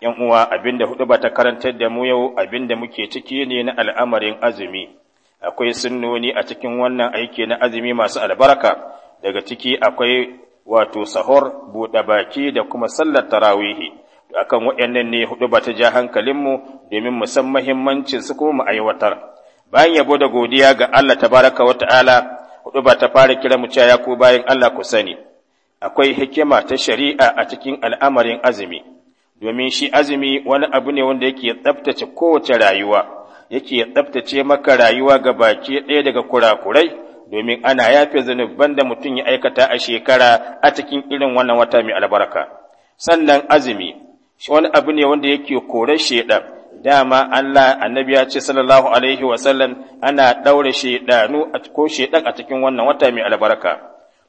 yan uwa abinda hudu ba ta karantar da mu yau abinda muke ciki ne na al'amarin azumi akwai sunnoni a cikin wannan aiki na azumi masu albarka daga ciki akwai wato sahur buɗe baki da kuma sallar tarawihi akan waɗannan ne hudu ba ta ja hankalinmu domin mu san muhimmancin su kuma mu aiwatar bayan yabo da godiya ga Allah tabaraka wa hudu bata fara kira mu cewa ya bayan Allah ku sani akwai hikima ta shari'a a cikin al'amarin azumi domin shi azumi wani abu ne wanda yake tsaftace kowace rayuwa yake tsaftace maka rayuwa ga baki ɗaya daga kurakurai domin ana yafe zunuban da mutum ya aikata a shekara a cikin irin wannan wata mai albarka sannan azumi wani abu ne wanda yake kore shedan dama Allah annabi ya ce sallallahu alaihi wa sallam ana daure shedanu ko shedan a cikin wannan wata mai albarka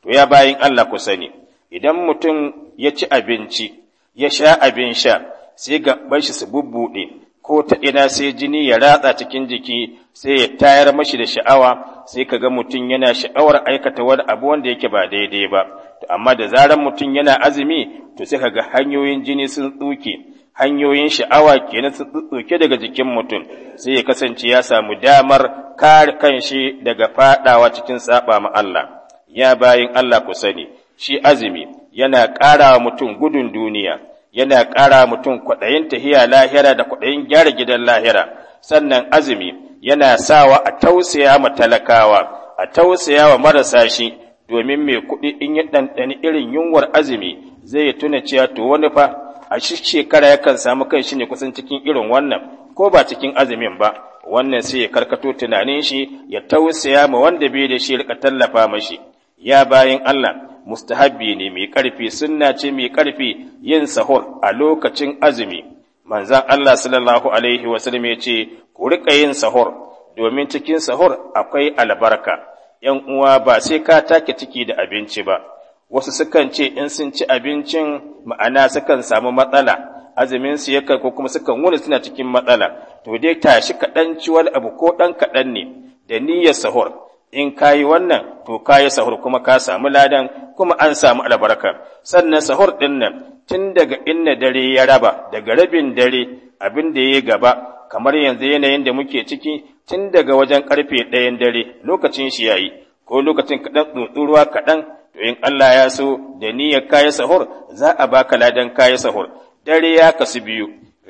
to ya bayin Allah ku sani idan mutum ya ci abinci ya sha abin sha sai gaɓar shi su bubbuɗe ko ta ina sai jini ya ratsa cikin jiki sai ya tayar mashi da sha'awa sai ka ga mutum yana sha'awar aikata wani abu wanda yake ba daidai ba to amma da zarar mutum yana azumi to sai kaga hanyoyin jini sun tsuke hanyoyin sha'awa kenan sun tsuke daga jikin mutum sai ya kasance ya samu damar kare kanshi daga fadawa cikin saba ma Allah ya bayin Allah ku sani shi azumi yana ƙara mutum gudun duniya yana ƙara mutum kwaɗayin tahiya lahira da kwaɗayin gyara gidan lahira sannan azumi yana sawa a tausaya ma talakawa a tausaya wa marasa shi domin mai kuɗi in yi ɗanɗani irin yunwar azumi zai tuna cewa to wani fa a shi shekara yakan samu kai shi ne kusan cikin irin wannan ko ba cikin azumin ba wannan sai ya karkato tunanin shi ya tausaya ma wanda bai da shi rika tallafa mashi ya bayan Allah mustahabbi ne mai ƙarfi sunna ce mai ƙarfi yin sahur a lokacin azumi manzan Allah sallallahu alaihi wasallam ya ce ku riƙa yin sahur domin cikin sahur akwai albarka ‘yan uwa ba sai ka take ciki da abinci ba wasu sukan ce in sun ci abincin ma'ana sukan samu matsala azumin su yakan ko kuma sukan wuni suna cikin matsala to dai tashi kaɗan ciwal abu ko ɗan kaɗan ne da niyyar sahur in ka yi wannan to ka yi sahur kuma ka samu ladan kuma an samu albarka, sannan sahur ɗin nan tun daga inna dare ya raba daga rabin dare abin da ya gaba kamar yanzu yanayin da muke ciki tun daga wajen karfe ɗayan dare lokacin shi yayi ko lokacin kaɗan tsutsuruwa kaɗan to in Allah ya so da niyyar kayi sahur za a baka ladan kayi sahur dare ya kasu biyu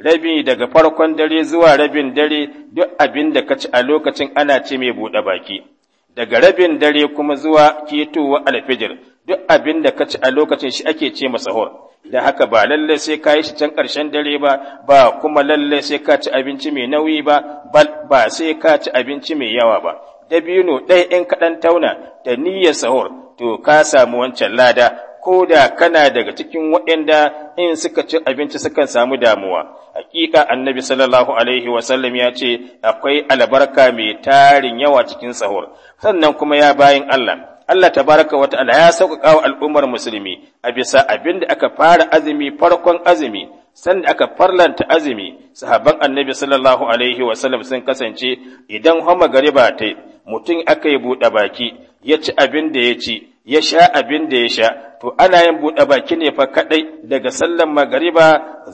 rabi daga farkon dare zuwa rabin dare duk abin da ka ci a lokacin ana ce mai buɗe baki daga rabin dare kuma zuwa ketowa alfijir duk abin da ka ci a lokacin shi ake ce masa sahur da haka ba lallai sai ka yi shi can karshen dare ba ba kuma lalle sai ka ci abinci mai nauyi ba ba sai ka ci abinci mai yawa ba dabino ɗaya in kaɗan tauna da niyyar sahur to ka samu wancan lada ko da kana daga cikin waɗanda in suka ci abinci sukan samu damuwa hakika annabi sallallahu alaihi wasallam ya ce akwai albarka mai tarin yawa cikin sahur sannan kuma ya bayin Allah Allah tabaraka wa ta'ala ya sauƙaƙa wa al'ummar musulmi a bisa abin da aka fara azumi farkon azumi sanda aka farlanta azumi sahabban annabi sallallahu alaihi wasallam sun kasance idan homa gariba ta mutum aka yi buɗe baki ya ci abin da ya ci ya sha abin da ya sha to ana yin buɗe baki ne fa kaɗai daga sallar magariba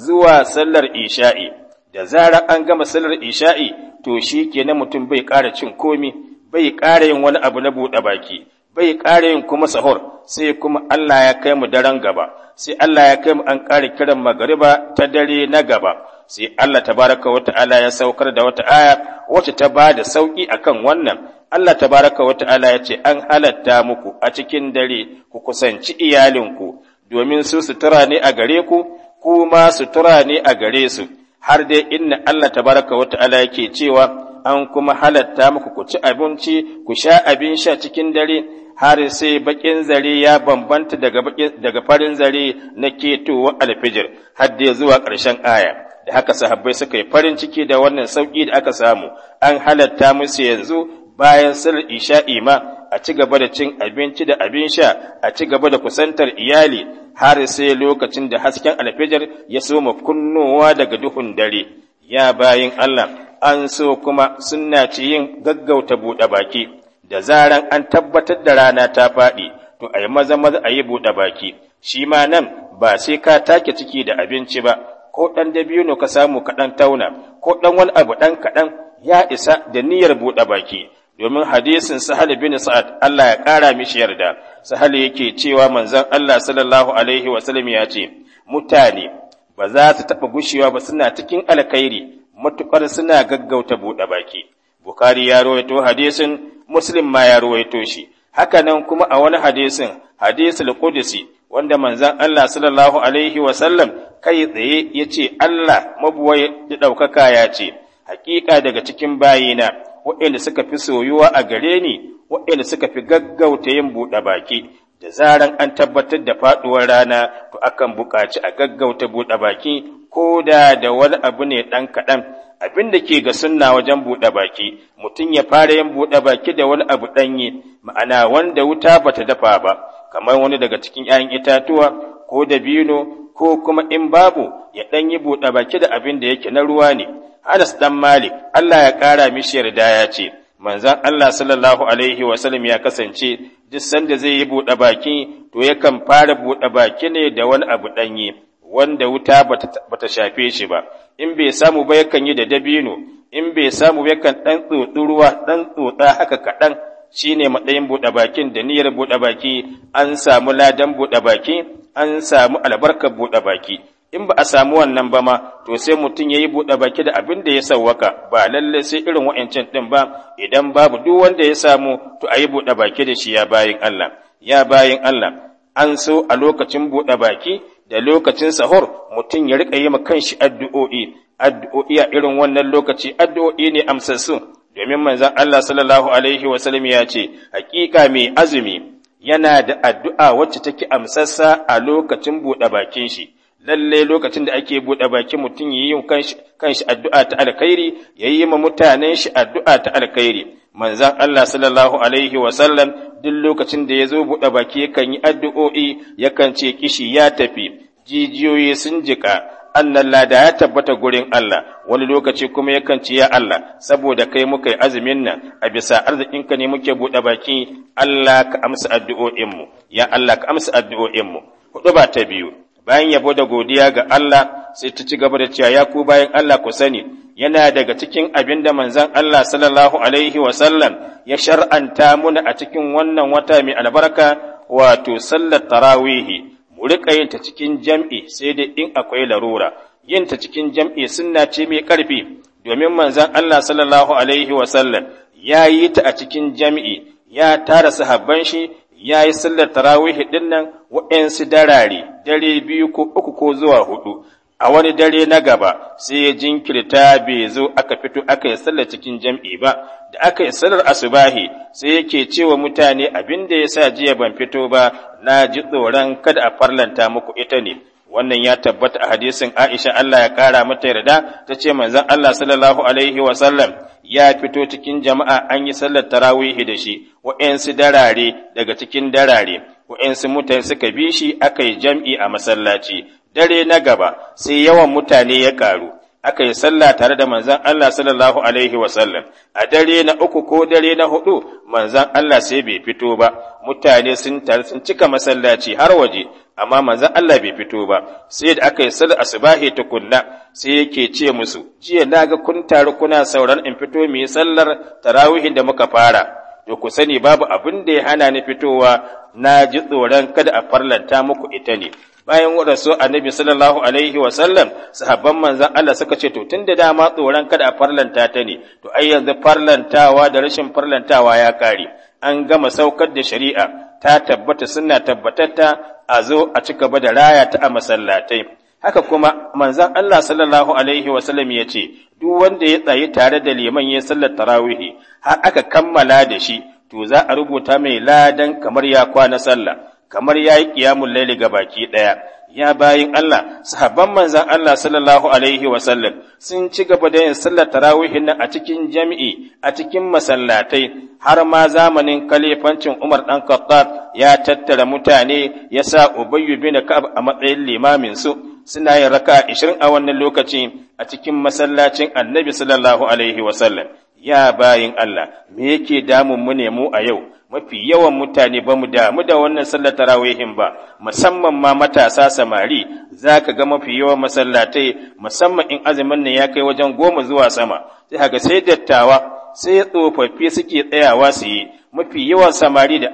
zuwa sallar isha'i da zarar an gama sallar isha'i to shi ke mutum bai ƙara cin komi bai ƙara yin wani abu na buɗe baki bai ƙara yin kuma sahur sai kuma Allah ya kai mu daren gaba sai Allah ya kai mu an ƙara kiran magariba ta dare na gaba sai Allah tabaraka wa ta'ala ya saukar da wata aya wacce ta ba da sauki akan wannan Allah tabaraka wa ta'ala ya ce an halatta muku a cikin dare ku kusanci iyalinku domin su sutura ne a gare ku kuma sutura ne a gare su har dai inna Allah tabaraka wa ta'ala yake cewa an kuma halatta muku ku ci abinci ku sha abin sha cikin dare har sai bakin zare ya bambanta daga farin zare na ketowa alfijir har dai zuwa ƙarshen aya da haka sahabbai suka yi farin ciki da wannan sauƙi da aka samu an halatta musu yanzu bayan sallar isha'i ima, a ci gaba da cin abinci da abin sha a ci gaba da kusantar iyali har sai lokacin da hasken alfijar ya soma kunnowa daga duhun dare ya bayan Allah an so kuma sunna ci yin gaggauta buɗe baki da zaran an tabbatar da rana ta faɗi to a yi maza maza a yi buɗe baki shi ma nan ba sai ka take ciki da abinci ba ko ɗan ne ka samu kaɗan tauna ko ɗan wani abu ɗan kaɗan ya isa da niyyar buɗe baki domin hadisin sahal bin sa'ad Allah ya ƙara mishi yarda sahal yake cewa manzon Allah sallallahu alaihi wa ya ce mutane ba za su taɓa gushewa ba suna cikin alkhairi matuƙar suna gaggauta buɗe baki bukari ya rawaito hadisin Muslim ma ya rawaito shi haka nan kuma a wani hadisin hadisul qudsi wanda manzan Allah sallallahu alaihi wasallam kai tsaye ya ce Allah mabuwai da ɗaukaka ya ce, Hakika daga cikin bayina, waɗanda suka fi soyuwa a gare ni, waɗanda suka fi gaggauta yin buɗe baki, da zaran an tabbatar da faɗuwar rana, to akan buƙaci a gaggauta buɗe baki, ko da da wani abu ne ɗan kaɗan, abin da ke ga sunna wajen buɗe baki, mutum ya fara yin buɗe baki da wani abu ɗanye, ma'ana wanda wuta bata dafa ba. kamar wani daga cikin ‘ya'yan itatuwa ko dabino ko kuma in babu ya ɗan yi buɗe baki da abin da yake na ruwa ne. Anas ɗan Malik, Allah ya ƙara mishi yarda ya ce, manzan Allah sallallahu Alaihi wasallam ya kasance duk sanda zai yi buɗe baki to yakan fara buɗe baki ne da wani abu ɗanye wanda wuta bata shafe shi ba, in bai samu ba yakan yi da dabino, in bai samu yakan ɗan tsotsi ruwa ɗan tsotsa haka kaɗan Shi ne matsayin buɗe bakin da niyyar buɗe baki an samu ladan buɗe baki an samu albarkar buɗe baki in ba a samu wannan ba ma to sai mutum ya yi buɗe baki da abin da ya sauwaka ba lallai sai irin wa'ancan ɗin ba idan babu duk wanda ya samu to a yi buɗe baki da shi ya bayin Allah ya bayin Allah an so a lokacin buɗe baki da lokacin sahur mutum ya riƙa yi ma kanshi addu'o'i addu'o'i a irin wannan lokaci addu'o'i ne amsassu domin manzan Allah sallallahu alaihi wasallam ya ce hakika mai azumi yana da addu'a wacce take amsassa a lokacin buɗe bakin shi lallai lokacin da ake buɗe bakin mutum yi yin kanshi addu'a ta alkhairi yi ma mutanen shi addu'a ta alkhairi manzan Allah sallallahu alaihi wasallam duk lokacin da ya zo buɗe baki yakan yi addu'o'i yakan ce kishi ya tafi jijiyoyi sun jika annan lada ya tabbata gurin Allah wani lokaci kuma yakan ci ya Allah saboda kai muka yi azumin nan a bisa arzikin ka ne muke buɗe baki Allah ka amsa addu'o'inmu ya Allah ka amsa addu'o'inmu hudu ba ta biyu bayan yabo da godiya ga Allah sai ta ci gaba da cewa ya ku bayan Allah ku sani yana daga cikin abinda da manzon Allah sallallahu alaihi wa sallam ya shar'anta muna a cikin wannan wata mai albarka wato sallar tarawihi mu riƙa yin ta cikin jam'i sai dai in akwai larura yin ta cikin jam'i sunna ce mai ƙarfi domin manzon Allah sallallahu alaihi wa sallam ya yi ta a cikin jam'i ya tara sahabban shi ya yi sallar tarawih din nan wa'ansu darare dare biyu ko uku ko zuwa hudu a wani dare na gaba sai ya jinkirta bai zo aka fito aka yi sallar cikin jam'i ba da aka yi sallar asubahi sai yake cewa mutane abin da ya sa jiya ban fito ba na ji tsoron kada a farlanta muku ita ne wannan ya tabbata a hadisin Aisha Allah ya kara mata yarda ta ce manzon Allah sallallahu alaihi wa sallam ya fito cikin jama'a an yi sallar tarawih da shi wa'ansu darare daga cikin darare wa'ansu mutane suka bi shi aka yi jam'i a masallaci dare na gaba sai yawan mutane ya karu aka yi sallah tare da manzan Allah sallallahu alaihi wasallam a dare na uku ko dare na hudu manzan Allah sai bai fito ba mutane sun cika masallaci har waje amma manzan Allah bai fito ba sai da aka yi asbahi asubahi tukunna sai yake ce musu jiya naga kun taru kuna sauran in fito mu yi sallar tarawihin da muka fara to ku sani babu abin da ya hana ni fitowa na ji tsoron kada a farlanta muku ita ne bayan rasu annabi sallallahu alaihi wa sallam sahabban manzon Allah suka ce to tunda dama tsoron kada a farlanta ta ne to ai yanzu farlantawa da rashin farlantawa ya kare an gama saukar da shari'a ta tabbata sunna tabbatatta a zo a ci gaba da raya ta a masallatai haka kuma manzon Allah sallallahu alaihi wa sallam ya ce duk wanda ya tsayi tare da liman ya sallar tarawih har aka kammala da shi to za a rubuta mai ladan kamar ya kwana sallah kamar ya yi ƙiyamun laili ga baki ɗaya ya bayin Allah sahabban manzan Allah sallallahu alaihi wasallam sun ci gaba da yin sallar tarawihin nan a cikin jami'i a cikin masallatai har ma zamanin kalifancin Umar ɗan Khattab ya tattara mutane ya sa Ubayyu bin Ka'ab a matsayin limamin su suna yin raka 20 a wannan lokaci a cikin masallacin Annabi sallallahu alaihi wasallam ya bayin Allah me yake damun mu ne mu a yau mafi yawan mutane ba mu damu da wannan sallar tarawihin ba musamman ma matasa samari za ka ga mafi yawan masallatai musamman in azumin nan ya kai wajen goma zuwa sama sai haka sai dattawa sai tsofaffi suke tsayawa su yi mafi yawan samari da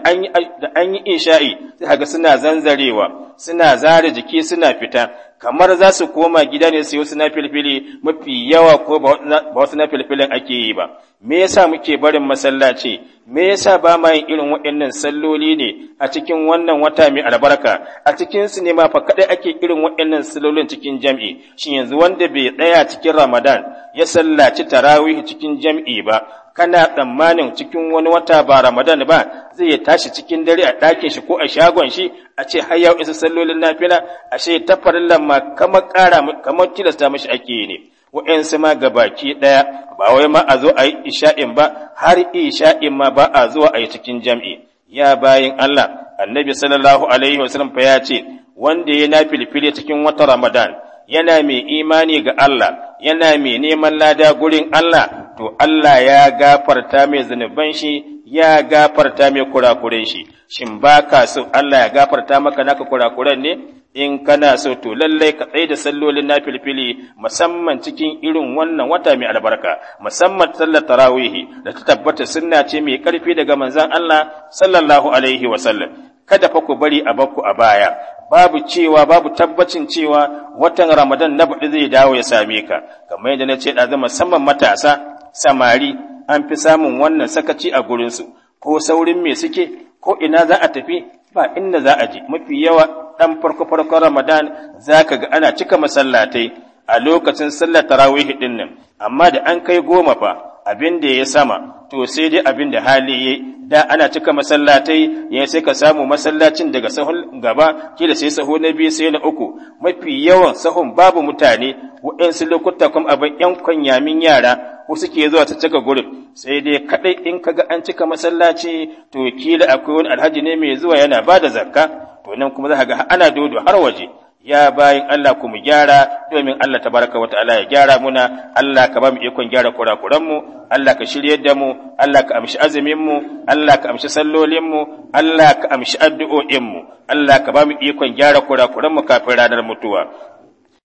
an yi insha'i sai haka suna zanzarewa suna zara jiki suna fita kamar za su koma gida ne su yi wasu filfili mafi yawa ko ba wasu na filfilin ake yi ba me yasa muke barin masallaci me yasa ba ma yin irin waɗannan salloli ne a cikin wannan wata mai albarka a cikin su ne ma fa kaɗai ake irin waɗannan sallolin cikin jam'i shi yanzu wanda bai tsaya cikin Ramadan ya sallaci tarawih cikin jam'i ba kana tsammanin cikin wani wata ba Ramadan ba zai ya tashi cikin dare a ɗakin shi ko a shagon shi a ce har yau isa sallolin nafila a ce ta farillan ma kamar ƙara kamar tilasta mashi ake ne wa'yansu ma ga baki ɗaya ba wai ma a zo a yi isha'in ba har isha'in ma ba a zuwa a yi cikin jam'i ya bayin Allah annabi sallallahu alaihi wasallam fa ya ce wanda ya nafilfile cikin wata Ramadan yana mai imani ga Allah yana mai neman lada gurin Allah to Allah ya gafarta mai zunuban shi ya gafarta mai kurakuren shi shin ba ka so Allah ya gafarta maka naka kurakuren ne in kana so to lallai ka tsaye da sallolin na filfili musamman cikin irin wannan wata mai albarka musamman sallar tarawihi da ta tabbata sunna ce mai karfi daga manzon Allah sallallahu alaihi wa sallam kada fa ku bari a bakku a baya babu cewa babu tabbacin cewa watan ramadan na baɗi zai dawo ya same ka kamar yadda na ce ɗazu musamman matasa samari an fi samun wannan sakaci a gurinsu ko saurin me suke ko ina za a tafi ba inda za a je mafi yawa ɗan farko farko ramadan za ka ga ana cika masallatai a lokacin sallar tarawih ɗin nan amma da an kai goma fa abin da ya sama to sai dai abin da hali ya da ana cika masallatai ya sai ka samu masallacin daga sahun gaba kila sai saho na biyu sai na uku mafi yawan sahun babu mutane waɗansu lokuta kuma abin yan kwanyamin yara ko suke zuwa ta cika gurin sai dai kaɗai in ka ga an cika masallaci to kila akwai wani alhaji ne mai zuwa yana bada zakka to nan kuma za ka ga ana dodo har waje ya bayin Allah ku mu gyara domin Allah ta baraka wa ta'ala ya gyara muna Allah ka ba mu ikon gyara kurakuran mu Allah ka shiryar da mu Allah ka amshi azumin mu Allah ka amshi sallolin mu Allah ka amshi addu'o'in mu Allah ka ba mu ikon gyara kurakuran mu kafin ranar mutuwa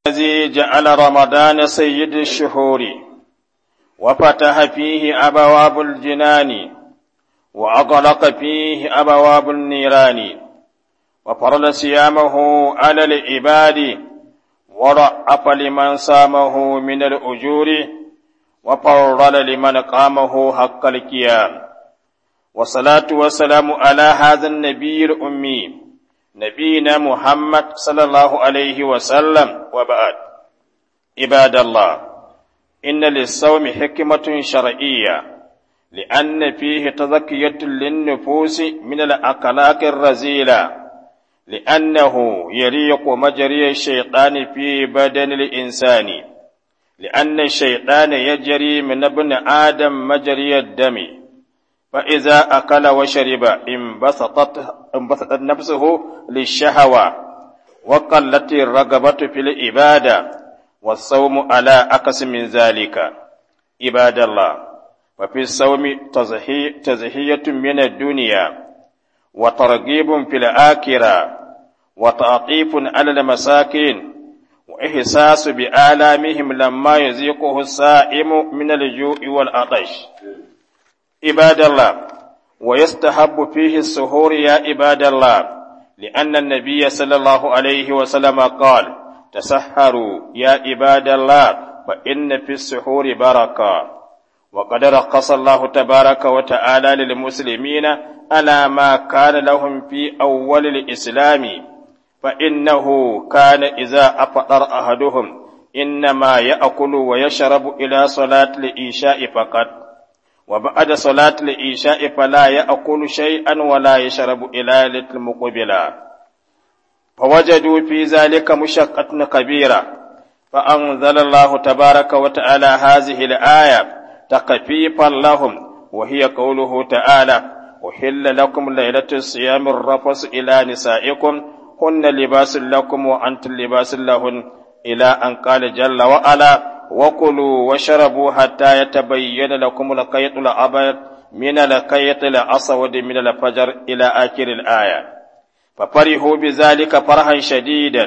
الذي sayyidi shuhuri wa fataha fihi فيه jinani wa aghlaqa fihi nira nirani وفرض صيامه على العباد ورأف لمن صامه من الأجور وفرض لمن قامه حق القيام والصلاة والسلام على هذا النبي الأمي نبينا محمد صلى الله عليه وسلم وبعد عباد الله إن للصوم حكمة شرعية لأن فيه تزكية للنفوس من الأخلاق الرذيلة لأنه يريق مجري الشيطان في بدن الإنسان لأن الشيطان يجري من ابن آدم مجري الدم فإذا أكل وشرب انبسطت انبسطت نفسه للشهوة وقلت الرغبة في العبادة والصوم على أقص من ذلك عباد الله وفي الصوم تزهية من الدنيا وترغيب في الآخرة wa ta'tifun alal masakin wa ihsasu bi alamihim lamma yuziquhu as-sa'imu min al-ju'i wal atash ibadallah wa yastahabbu fihi ya ibadallah لأن النبي صلى الله عليه وسلم قال تسحروا يا عباد الله فإن في السحور بركه وقد رقص الله تبارك وتعالى للمسلمين على ما كان لهم في أول الإسلام فإنه كان إذا أفطر أحدهم إنما يأكل ويشرب إلى صلاة الإيشاء فقط وبعد صلاة الإيشاء فلا يأكل شيئا ولا يشرب إلى ليلة المقبلة فوجدوا في ذلك مشقة كبيرة فأنزل الله تبارك وتعالى هذه الآية تخفيفا لهم وهي قوله تعالى أحل لكم ليلة الصيام الرفس إلى نسائكم hunna libasun lakum wa antum libasun lahun ila an qala jalla wa ala wa kulu wa sharabu hatta yatabayyana lakum al-khayt al-abyad min al ila akhir al-aya ففرحوا بذلك فرحا شديدا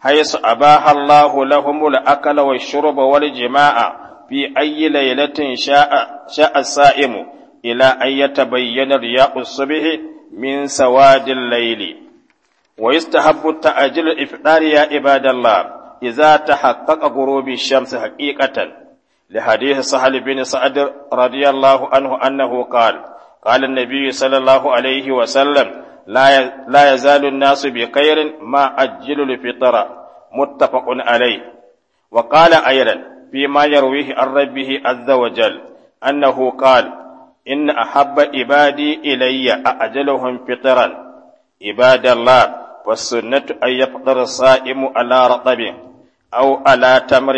حيث أباح الله لهم الأكل والشرب والجماع في أي ليلة شاء, شاء السائم إلى أن يتبين رياء الصبح من سواد الليل wa yustahabbu ta'jilu ifdar ya ibadallah idza tahaqqaqa ghurubi shams haqiqatan لحديث سهل بن سعد رضي الله عنه أنه قال قال النبي صلى الله عليه وسلم لا يزال الناس بخير ما أجل الفطر متفق عليه وقال أيضا فيما يرويه عن ربه عز وجل أنه قال إن أحب عبادي إلي أعجلهم فطرا عباد الله والسنة أن يفطر الصائم على رطب أو على تمر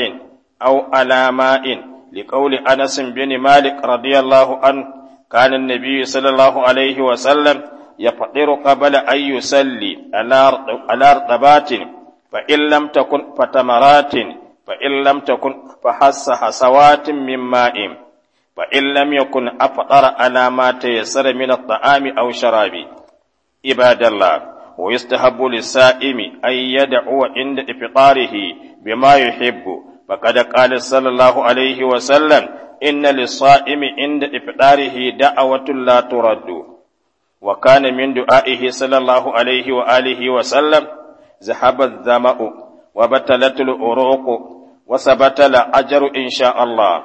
أو على ماء لقول أنس بن مالك رضي الله عنه كان النبي صلى الله عليه وسلم يفطر قبل أن يصلي على رطبات فإن لم تكن فتمرات فإن لم تكن فحس حسوات من ماء فإن لم يكن أفطر على ما تيسر من الطعام أو شراب عباد الله wa yustahabbu lis-sa'imi ay yad'u inda ifṭarihi bima yuhibbu faqad qala sallallahu alayhi wa sallam inna lis-sa'imi inda ifṭarihi da'watun la turaddu wa kana min du'a'ihi sallallahu alayhi wa alihi wa batalatul uruqu وثبت الأجر إن شاء الله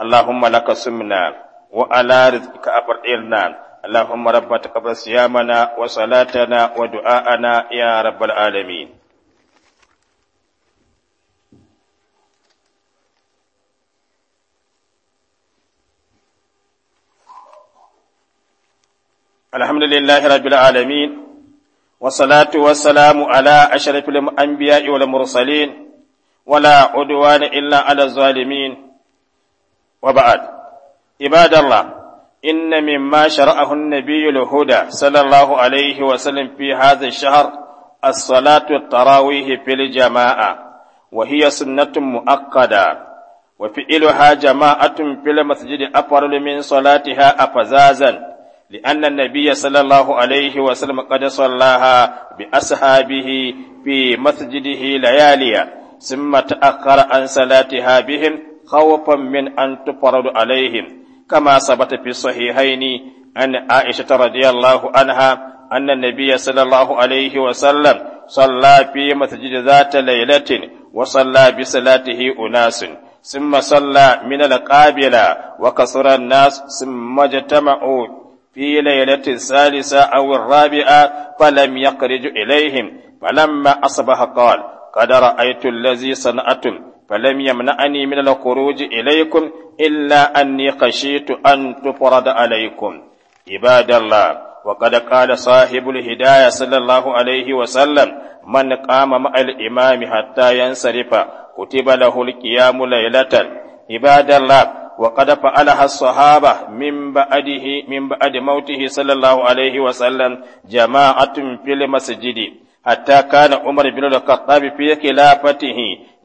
اللهم لك سمنا وعلى رزقك اللهم رب تقبل صيامنا وصلاتنا ودعاءنا يا رب العالمين الحمد لله رب العالمين والصلاة والسلام على أشرف الأنبياء والمرسلين ولا عدوان إلا على الظالمين وبعد عباد الله إن مما شرعه النبي الهدى صلى الله عليه وسلم في هذا الشهر الصلاة التراويح في الجماعة وهي سنة مؤقدة وفعلها جماعة في المسجد أفضل من صلاتها أفزازا لأن النبي صلى الله عليه وسلم قد صلاها بأصحابه في مسجده لياليا ثم تأخر عن صلاتها بهم خوفا من أن تفرض عليهم كما ثبت في الصحيحين عن عائشة رضي الله عنها أن النبي صلى الله عليه وسلم صلى في مسجد ذات ليلة وصلى بصلاته أناس ثم صلى من القابلة وكثر الناس ثم اجتمعوا في ليلة الثالثة أو الرابعة فلم يخرج إليهم فلما أصبح قال قد رأيت الذي صنعتم فلم يمنعني من الخروج إليكم إلا أني خشيت أن تفرض عليكم عباد الله وقد قال صاحب الهداية صلى الله عليه وسلم من قام مع الإمام حتى ينصرف كتب له القيام ليلة عباد الله وقد فعلها الصحابة من بعده من بعد موته صلى الله عليه وسلم جماعة في المسجد حتى كان عمر بن الخطاب في خلافته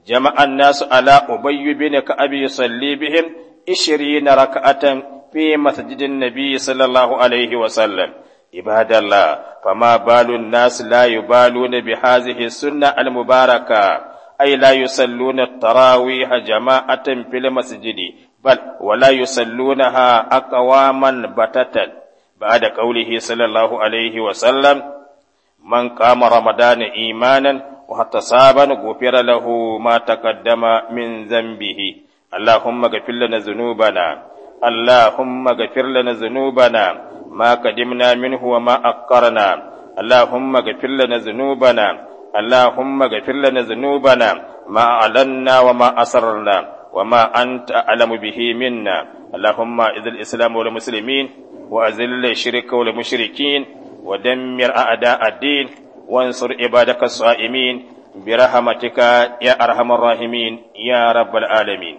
jama'an nasu ala ubayyu bin ka'ab yusalli bihim 20 raka'atan fi masjidin nabi sallallahu alaihi wa sallam ibadallah fama balun nas la yubaluna bi hadhihi sunna al mubaraka ay la yusalluna tarawih jama'atan fil masjidi بل ولا يصلونها أقواما بتتا بعد قوله صلى الله عليه وسلم من قام رمضان إيمانا واحتسابا غفر له ما تقدم من ذنبه اللهم اغفر لنا ذنوبنا اللهم اغفر لنا ذنوبنا ما قدمنا منه وما أقرنا اللهم اغفر لنا ذنوبنا اللهم اغفر لنا ذنوبنا ما أعلنا وما أسررنا وما أنت أعلم به منا اللهم إذ الإسلام والمسلمين وأذل الشرك والمشركين ودمر أعداء الدين وانصر عبادك الصائمين برحمتك يا أرحم الراحمين يا رب العالمين